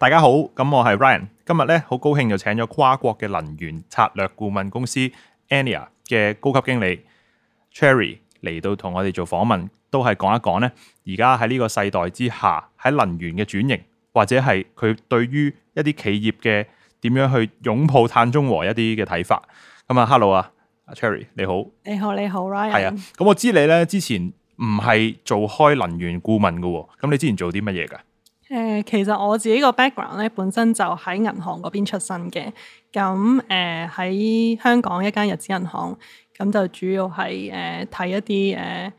大家好，咁我係 Ryan，今日咧好高興，就請咗跨國嘅能源策略顧問公司 Ania 嘅高級經理 Cherry 嚟到，同我哋做訪問，都係講一講咧，而家喺呢個世代之下，喺能源嘅轉型或者係佢對於一啲企業嘅點樣去擁抱碳中和一啲嘅睇法。咁啊，Hello 啊，Cherry 你好。你好，你好你好，Ryan 係啊，咁、嗯、我知你咧之前唔係做開能源顧問噶，咁、嗯、你之前做啲乜嘢噶？誒、呃，其實我自己個 background 咧，本身就喺銀行嗰邊出身嘅。咁誒喺香港一間日資銀行，咁、嗯、就主要係誒睇一啲誒、呃、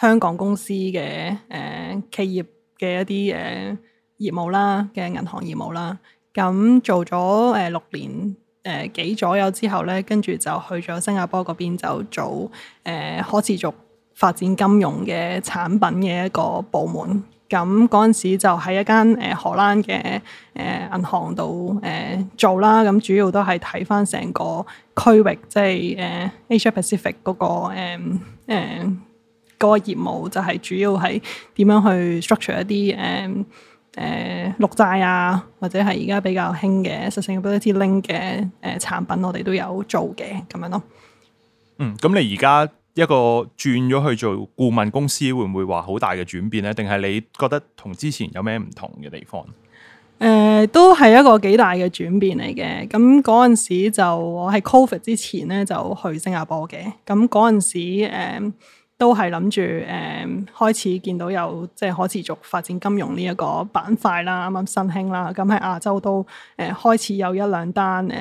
香港公司嘅誒、呃、企業嘅一啲誒、呃、業務啦嘅銀行業務啦。咁、嗯、做咗誒、呃、六年誒、呃、幾左右之後咧，跟住就去咗新加坡嗰邊，就做誒、呃、可持續發展金融嘅產品嘅一個部門。咁嗰陣時就喺一間誒荷蘭嘅誒銀行度誒做啦，咁主要都係睇翻成個區域，即係誒 Asia Pacific 嗰、嗰個誒誒嗰個業務，就係主要係點樣去 structure 一啲誒誒綠債啊，或者係而家比較興嘅 sustainability link 嘅誒、呃、產品，我哋都有做嘅咁樣咯。嗯，咁你而家一個轉咗去做顧問公司，會唔會話好大嘅轉變咧？定係你覺得同之前有咩唔同嘅地方？誒、呃，都係一個幾大嘅轉變嚟嘅。咁嗰陣時就我喺 Covid 之前咧，就去新加坡嘅。咁嗰陣時誒、呃，都係諗住誒，開始見到有即係可持續發展金融呢一個板塊啦，啱啱新興啦。咁喺亞洲都誒、呃，開始有一兩單誒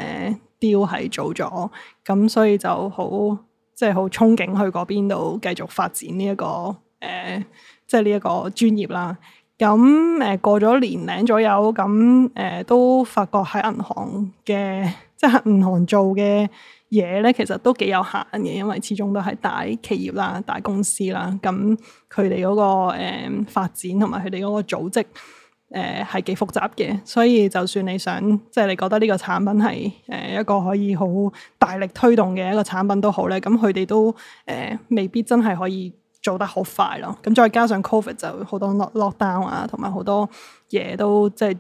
deal 係做咗，咁所以就好。即係好憧憬去嗰邊度繼續發展呢、這、一個誒、呃，即係呢一個專業啦。咁誒、呃、過咗年齡左右，咁誒、呃、都發覺喺銀行嘅，即係喺銀行做嘅嘢咧，其實都幾有限嘅，因為始終都係大企業啦、大公司啦。咁佢哋嗰個誒、呃、發展同埋佢哋嗰個組織。誒係幾複雜嘅，所以就算你想即係、就是、你覺得呢個產品係誒一個可以好大力推動嘅一個產品好都好咧，咁佢哋都誒未必真係可以做得好快咯。咁再加上 Covid 就好多 lock down 啊，同埋好多嘢都即係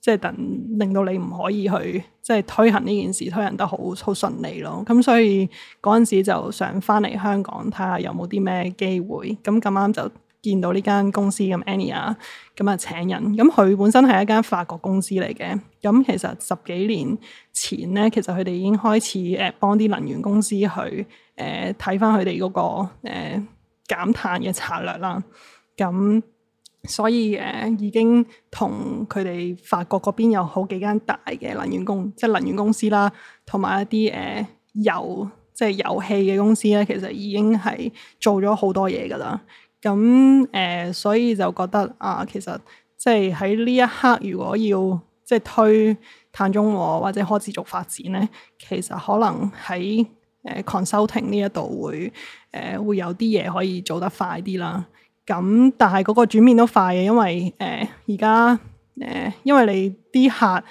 即係等令到你唔可以去即係、就是、推行呢件事，推行得好好順利咯。咁所以嗰陣時就想翻嚟香港睇下有冇啲咩機會。咁咁啱就。見到呢間公司，咁 Anya 咁啊請人，咁佢本身係一間法國公司嚟嘅。咁其實十幾年前咧，其實佢哋已經開始誒幫啲能源公司去誒睇返佢哋嗰個誒、呃、減碳嘅策略啦。咁所以誒、呃、已經同佢哋法國嗰邊有好幾間大嘅能源公即係能源公司啦，同埋一啲誒油即係油氣嘅公司咧，其實已經係做咗好多嘢噶啦。咁誒、呃，所以就覺得啊，其實即係喺呢一刻，如果要即係推碳中和或者可持續發展咧，其實可能喺誒、呃、consulting 呢一度會誒、呃、會有啲嘢可以做得快啲啦。咁但係嗰個轉變都快嘅，因為誒而家誒，因為你啲客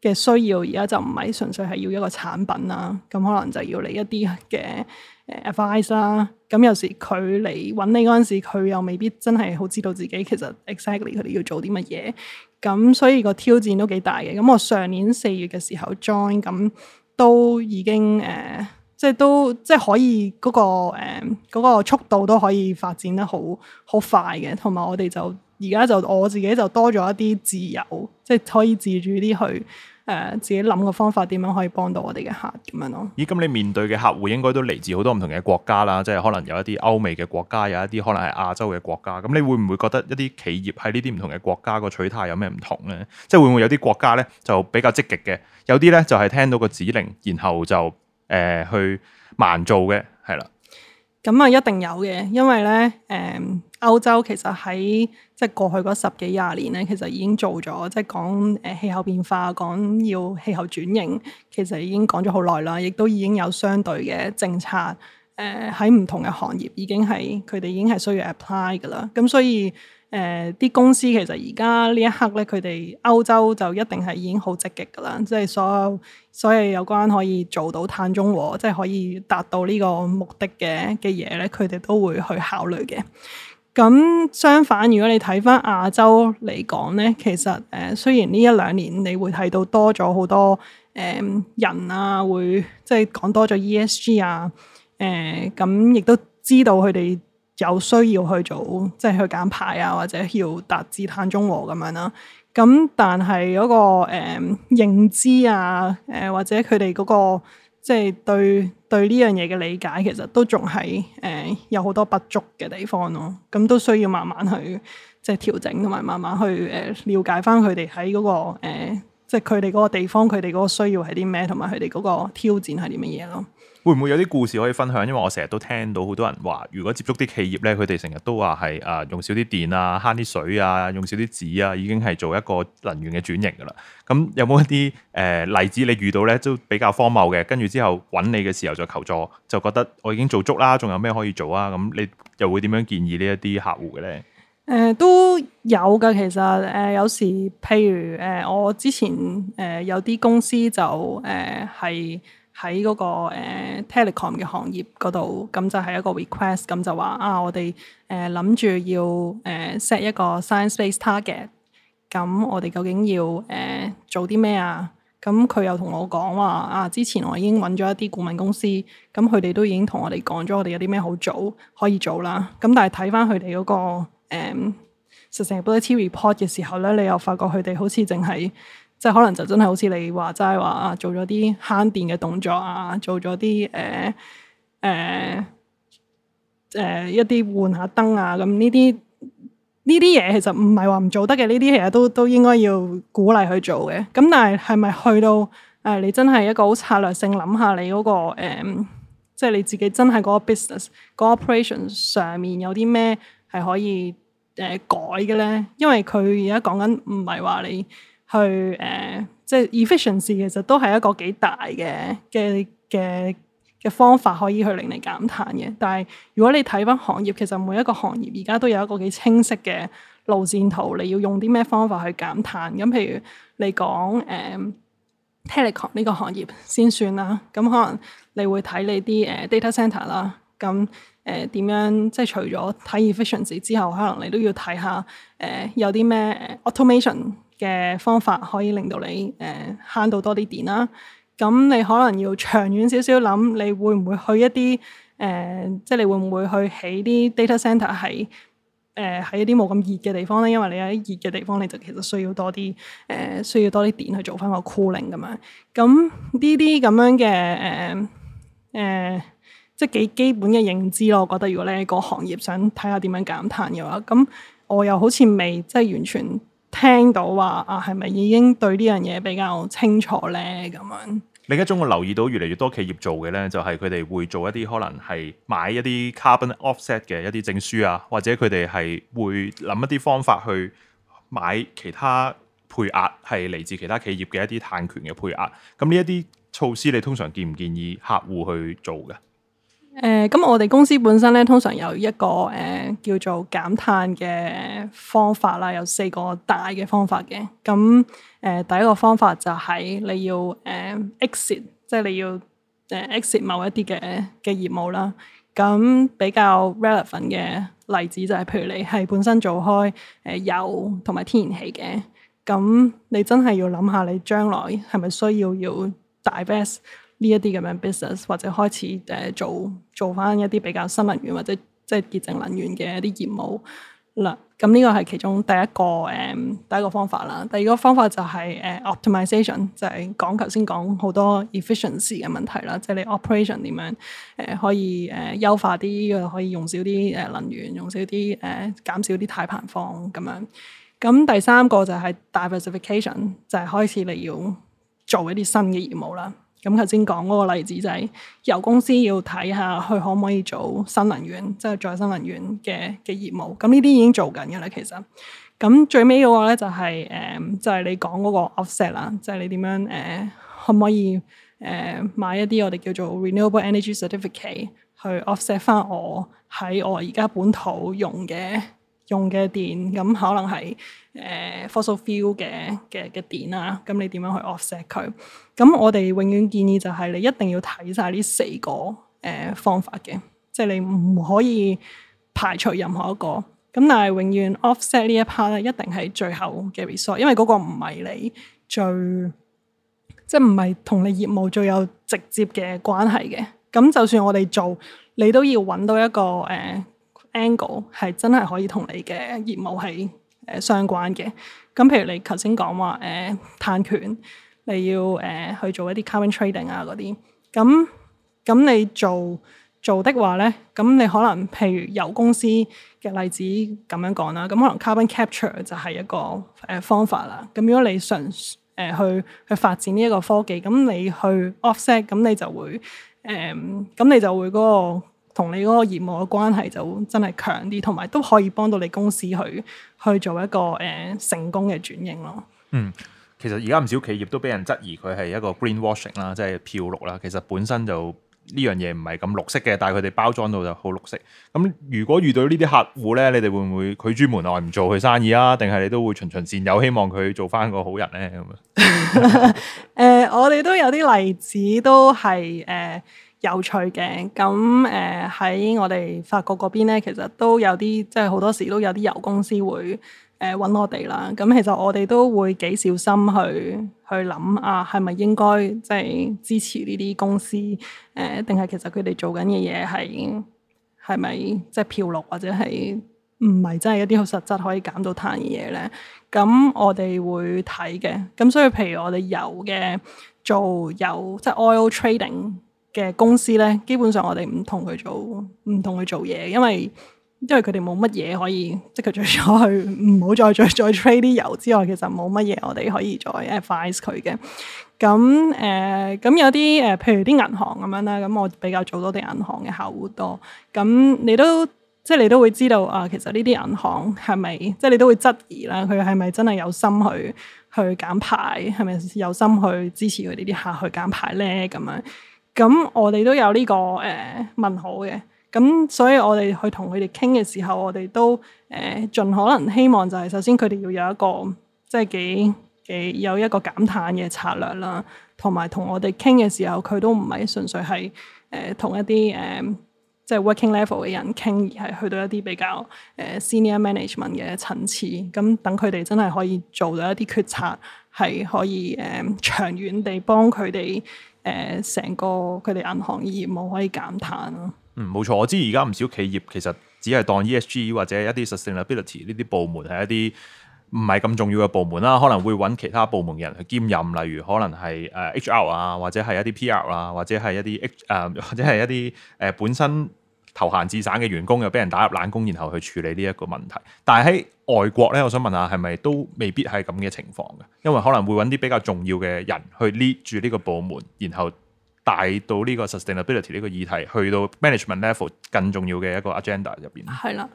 嘅需要而家就唔係純粹係要一個產品啦，咁可能就要你一啲嘅誒 advice 啦。咁有時佢嚟揾你嗰陣時，佢又未必真係好知道自己其實 exactly 佢哋要做啲乜嘢。咁所以個挑戰都幾大嘅。咁我上年四月嘅時候 join，咁都已經誒、呃，即係都即係可以嗰、嗰個誒嗰、呃嗰個速度都可以發展得好好快嘅，同埋我哋就。而家就我自己就多咗一啲自由，即係可以自主啲去誒自己諗個方法，點樣可以幫到我哋嘅客咁樣咯。咦？咁你面對嘅客戶應該都嚟自好多唔同嘅國家啦，即係可能有一啲歐美嘅國家，有一啲可能係亞洲嘅國家。咁你會唔會覺得一啲企業喺呢啲唔同嘅國家個取態有咩唔同咧？即係會唔會有啲國家咧就比較積極嘅，有啲咧就係聽到個指令，然後就誒去盲做嘅，係啦。咁啊、嗯，一定有嘅，因為咧，誒、嗯，歐洲其實喺即係過去嗰十幾廿年咧，其實已經做咗，即係講誒氣候變化，講要氣候轉型，其實已經講咗好耐啦，亦都已經有相對嘅政策，誒喺唔同嘅行業已經係佢哋已經係需要 apply 㗎喇，咁、嗯、所以。誒啲、呃、公司其實而家呢一刻咧，佢哋歐洲就一定係已經好積極噶啦，即係所有所以有，有關可以做到碳中和，即係可以達到呢個目的嘅嘅嘢咧，佢哋都會去考慮嘅。咁相反，如果你睇翻亞洲嚟講咧，其實誒、呃、雖然呢一兩年你會睇到多咗好多誒、呃、人啊，會即係講多咗 ESG 啊，誒咁亦都知道佢哋。有需要去做，即係去減排啊，或者要達至碳中和咁樣啦。咁但係嗰個誒認知啊，誒或者佢哋嗰個即係對對呢樣嘢嘅理解，其實都仲係誒有好多不足嘅地方咯。咁都需要慢慢去即係調整，同埋慢慢去誒瞭解翻佢哋喺嗰個誒即係佢哋嗰個地方，佢哋嗰個需要係啲咩，同埋佢哋嗰個挑戰係啲乜嘢咯。會唔會有啲故事可以分享？因為我成日都聽到好多人話，如果接觸啲企業咧，佢哋成日都話係誒用少啲電啊，慳啲水啊，用少啲紙啊，已經係做一個能源嘅轉型噶啦。咁有冇一啲誒、呃、例子你遇到咧都比較荒謬嘅？跟住之後揾你嘅時候再求助，就覺得我已經做足啦，仲有咩可以做啊？咁你又會點樣建議呢一啲客戶嘅咧？誒、呃，都有噶，其實誒、呃、有時譬如誒、呃、我之前誒、呃、有啲公司就誒係。呃喺嗰、那個、uh, telecom 嘅行業嗰度，咁就係一個 request，咁就話啊，我哋誒諗住要誒 set、uh, 一個 science based target，咁我哋究竟要誒、uh, 做啲咩啊？咁佢又同我講話啊，之前我已經揾咗一啲顧問公司，咁佢哋都已經同我哋講咗我哋有啲咩好做可以做啦。咁但係睇返佢哋嗰個誒 sustainability report 嘅時候咧，你又發覺佢哋好似淨係。即係可能就真係好似你話齋話做咗啲慳電嘅動作啊，做咗啲誒誒誒一啲換下燈啊，咁呢啲呢啲嘢其實唔係話唔做得嘅，呢啲其實都都應該要鼓勵去做嘅。咁但係係咪去到誒、呃、你真係一個好策略性諗下你嗰個誒，即係你自己真係嗰個 business 嗰個 operation 上面有啲咩係可以誒、呃、改嘅咧？因為佢而家講緊唔係話你。去誒、呃，即係 efficiency 其實都係一個幾大嘅嘅嘅嘅方法可以去令你減碳嘅。但係如果你睇翻行業，其實每一個行業而家都有一個幾清晰嘅路線圖，你要用啲咩方法去減碳？咁譬如你講誒、呃、telecom 呢個行業先算啦。咁可能你會睇你啲誒、呃、data center 啦。咁誒點樣即係除咗睇 efficiency 之後，可能你都要睇下誒、呃、有啲咩 automation。嘅方法可以令到你誒慳到多啲電啦。咁你可能要長遠少少諗，你會唔會去一啲誒，即、呃、係、就是、你會唔會去起啲 data center 係喺、呃、一啲冇咁熱嘅地方咧？因為你喺熱嘅地方，你就其實需要多啲誒、呃，需要多啲電去做翻個 cooling 咁樣。咁呢啲咁樣嘅誒誒，即係幾基本嘅認知咯。我覺得，如果你喺個行業想睇下點樣減碳嘅話，咁我又好似未即係完全。聽到話啊，係咪已經對呢樣嘢比較清楚呢？咁樣另一種我留意到越嚟越多企業做嘅呢，就係佢哋會做一啲可能係買一啲 carbon offset 嘅一啲證書啊，或者佢哋係會諗一啲方法去買其他配額，係嚟自其他企業嘅一啲碳權嘅配額。咁呢一啲措施，你通常建唔建議客戶去做嘅？誒，咁、呃、我哋公司本身咧，通常有一個誒、呃、叫做減碳嘅方法啦，有、呃、四個大嘅方法嘅。咁、呃、誒，第一個方法就係你要誒、呃、exit，即係你要誒、呃、exit 某一啲嘅嘅業務啦。咁、呃、比較 relevant 嘅例子就係、是，譬如你係本身做開誒、呃、油同埋天然氣嘅，咁、呃、你真係要諗下你將來係咪需要要 divest。呢一啲咁樣 business 或者開始誒做做翻一啲比較新能源或者即係潔淨能源嘅一啲業務啦。咁呢、這個係其中第一個誒、呃、第一個方法啦。第二個方法就係、是、誒、呃、optimisation，就係講頭先講好多 efficiency 嘅問題啦，即係你 operation 點樣誒可以誒優、呃、化啲，可以用少啲誒能源，用、呃、減少啲誒減少啲碳排放咁樣。咁、嗯、第三個就係 diversification，就係開始你要做一啲新嘅業務啦。咁頭先講嗰個例子就係，由公司要睇下佢可唔可以做新能源，即係再生能源嘅嘅業務。咁呢啲已經做緊嘅啦，其實。咁最尾嗰個咧就係，誒，就係你講嗰個 offset 啦，即係你點樣誒，可唔可以誒買一啲我哋叫做 renewable energy certificate 去 offset 翻我喺我而家本土用嘅。用嘅電咁可能係誒、呃、fossil fuel 嘅嘅嘅電啦，咁你點樣去 offset 佢？咁我哋永遠建議就係你一定要睇晒呢四個誒、呃、方法嘅，即、就、係、是、你唔可以排除任何一個。咁但係永遠 offset 呢一 part 咧，一定係最後嘅 resort，因為嗰個唔係你最即係唔係同你業務最有直接嘅關係嘅。咁就算我哋做，你都要揾到一個誒。呃 Angle 係真係可以同你嘅業務係誒、呃、相關嘅。咁譬如你頭先講話誒，碳權，你要誒、呃、去做一啲 carbon trading 啊、嗰啲。咁咁你做做嘅話咧，咁你可能譬如油公司嘅例子咁樣講啦。咁可能 carbon capture 就係一個誒、呃、方法啦。咁如果你嘗誒、呃、去去發展呢一個科技，咁你去 offset，咁你就會誒，咁、呃、你就會嗰、那個同你嗰個業務嘅關係就真係強啲，同埋都可以幫到你公司去去做一個誒、呃、成功嘅轉型咯。嗯，其實而家唔少企業都俾人質疑佢係一個 greenwashing 啦，即係漂綠啦。其實本身就呢樣嘢唔係咁綠色嘅，但係佢哋包裝到就好綠色。咁如果遇到戶呢啲客戶咧，你哋會唔會拒之門外唔做佢生意啊？定係你都會循循善誘，希望佢做翻個好人咧咁啊？誒、 呃，我哋都有啲例子都，都係誒。有趣嘅，咁誒喺我哋法國嗰邊咧，其實都有啲即係好多時都有啲油公司會誒揾、呃、我哋啦。咁其實我哋都會幾小心去去諗啊，係咪應該即係支持呢啲公司？誒、呃，定係其實佢哋做緊嘅嘢係係咪即係漂綠，或者係唔係真係一啲好實質可以減到碳嘅嘢咧？咁我哋會睇嘅。咁所以譬如我哋油嘅做油即係 oil trading 嘅公司咧，基本上我哋唔同佢做，唔同佢做嘢，因為因為佢哋冇乜嘢可以即係除咗去唔好再再再 trade 啲油之外，其實冇乜嘢我哋可以再 advise 佢嘅。咁誒，咁、呃、有啲誒、呃，譬如啲銀行咁樣啦，咁我比較做多啲銀行嘅客戶多。咁你都即係你都會知道啊，其實呢啲銀行係咪即係你都會質疑啦，佢係咪真係有心去去減排，係咪有心去支持佢哋啲客去減排咧？咁樣。咁我哋都有呢、這個誒、呃、問號嘅，咁所以我哋去同佢哋傾嘅時候，我哋都誒、呃、盡可能希望就係首先佢哋要有一個即係幾幾有一個減碳嘅策略啦，同埋同我哋傾嘅時候，佢都唔係純粹係誒、呃、同一啲誒、呃、即係 working level 嘅人傾，而係去到一啲比較誒 senior management 嘅層次，咁等佢哋真係可以做到一啲決策，係可以誒、呃、長遠地幫佢哋。誒，成個佢哋銀行業務可以減碳咯。嗯，冇錯，我知而家唔少企業其實只係當 ESG 或者一啲 Sustainability 呢啲部門係一啲唔係咁重要嘅部門啦，可能會揾其他部門嘅人去兼任，例如可能係誒 HR 啊，或者係一啲 PR 啊，或者係一啲誒、呃、或者係一啲誒本身投閒置散嘅員工，又俾人打入冷宮，然後去處理呢一個問題，但係喺外國咧，我想問下，係咪都未必係咁嘅情況嘅？因為可能會揾啲比較重要嘅人去 lead 住呢個部門，然後帶到呢個 sustainability 呢個議題去到 management level 更重要嘅一個 agenda 入邊。係啦，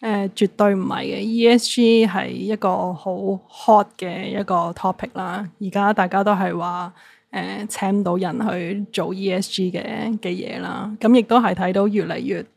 誒，呃，絕對唔係嘅，ESG 係一個好 hot 嘅一個 topic 啦。而家大家都係話誒請唔到人去做 ESG 嘅嘅嘢啦，咁亦都係睇到越嚟越。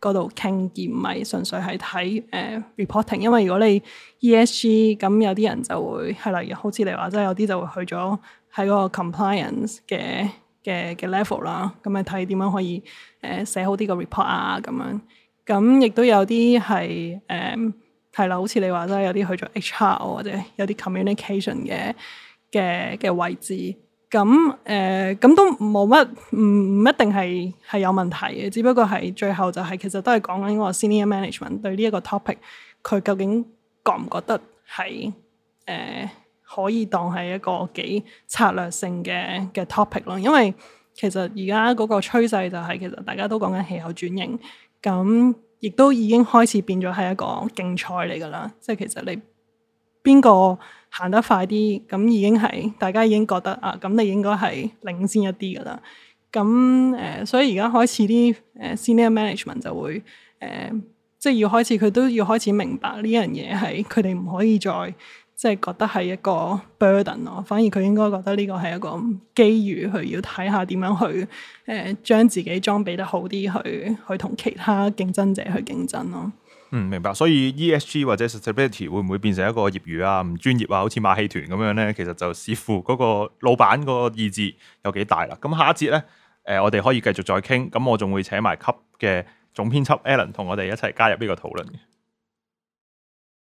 嗰度傾而唔係純粹係睇誒 reporting，因為如果你 ESG 咁有啲人就會係啦，好似你話齋有啲就會去咗喺嗰個 compliance 嘅嘅嘅 level 啦，咁你睇點樣可以誒、呃、寫好啲個 report 啊咁樣，咁亦都有啲係誒係啦，好似你話齋有啲去咗 HR 或者有啲 communication 嘅嘅嘅位置。咁誒，咁、嗯嗯嗯、都冇乜，唔、嗯、唔一定係係有問題嘅，只不過係最後就係、是、其實都係講緊個 senior management 對呢一個 topic，佢究竟覺唔覺得係誒、呃、可以當係一個幾策略性嘅嘅 topic 咯？因為其實而家嗰個趨勢就係、是、其實大家都講緊氣候轉型，咁、嗯、亦都已經開始變咗係一個競賽嚟㗎喇，即係其實你。邊個行得快啲，咁已經係大家已經覺得啊，咁你應該係領先一啲噶啦。咁誒、呃，所以而家開始啲誒、呃、senior management 就會誒，即、呃、係、就是、要開始佢都要開始明白呢樣嘢係佢哋唔可以再即係、就是、覺得係一個 burden 咯，反而佢應該覺得呢個係一個機遇，佢要睇下點樣去誒將、呃、自己裝備得好啲去去同其他競爭者去競爭咯。嗯，明白。所以 E S G 或者 sustainability 會唔會變成一個業餘啊、唔專業啊，好似馬戲團咁樣咧？其實就視乎嗰個老闆個意志有幾大啦。咁下一節咧，誒、呃，我哋可以繼續再傾。咁我仲會請埋級嘅總編輯 Alan 同我哋一齊加入呢個討論嘅。